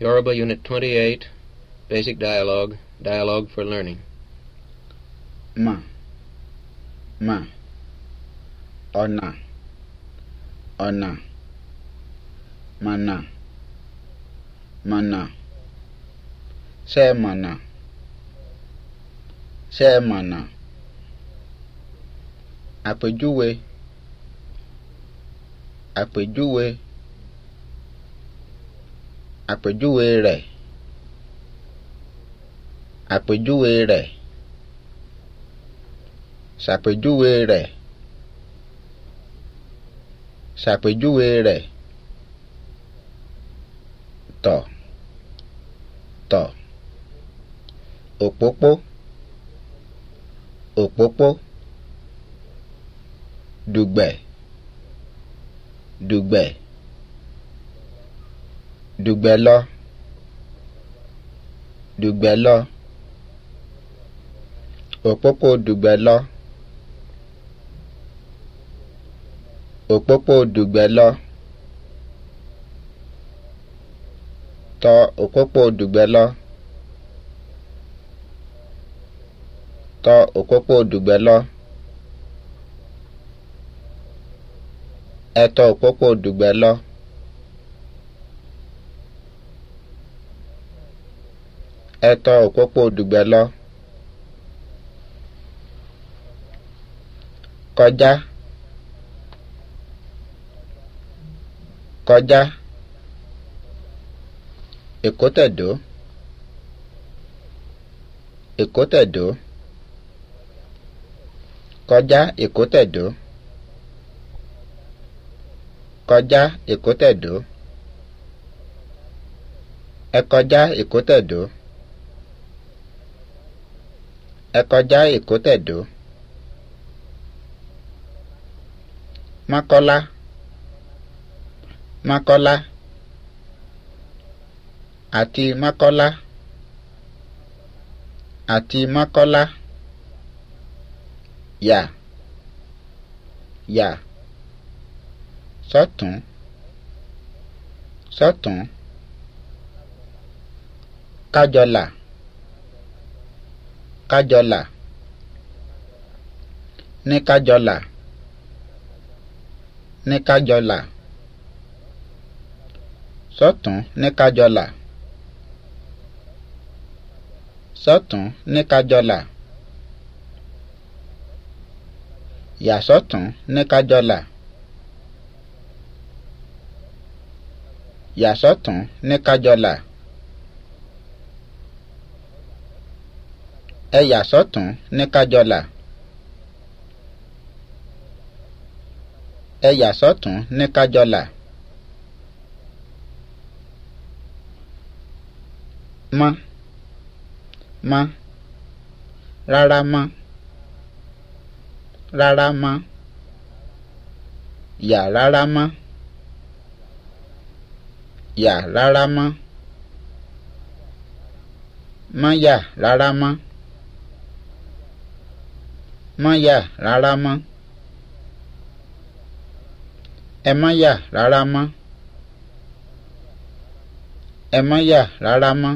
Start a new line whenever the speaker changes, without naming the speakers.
Yoruba Unit 28, Basic Dialogue, Dialogue for Learning. Ma. Ma.
Ọ̀nà. Ọ̀nà. Mana. Mana. Ṣé mana.
Ṣé mana. Àpèjúwe. Àpèjúwe. àpèjúwe rẹ̀ àpèjúwe rẹ̀ ṣàpèjúwe rẹ̀ ṣàpèjúwe rẹ̀ tọ̀ tọ̀ òpópó òpópó dùgbẹ̀ dùgbẹ̀ dùgbẹ̀ lọ dùgbẹ̀ lọ òpópó dùgbẹ̀ lọ òpópó dùgbẹ̀ lọ tọ òpópó dùgbẹ̀ lọ tọ òpópó dùgbẹ̀ lọ ẹ tọ òpópó ẹ tọ òpópó dùgbẹ́ lọ. kọjá kọjá èkó tẹ̀dó èkó tẹ̀dó kọjá èkó tẹ̀dó kọjá èkó ẹ kọjá èkó tẹ̀dó ẹ kọjá èkó tẹ̀dó. Mákọ́lá Mákọ́lá àti Mákọ́lá àti ya, ya, yà sọ́tún sọ́tún kájọlà kájọlà ní kájọlà ní kájọlà sọ́tún ní kájọlà sọ́tún ní kájọlà yà ní kájọlà yà ní kájọlà. ẹ yà sọ́tún ní kájọlà. ẹ yà sọ́tún ní kájọlà.
mọ́ mọ́ rárá mọ́ rárá mọ́ yà rárá mọ́ yà rárá mọ́ má yà rárá mọ́ má yà rárá mọ́ ẹ má yà rárá mọ́ ẹ má yà rárá mọ́.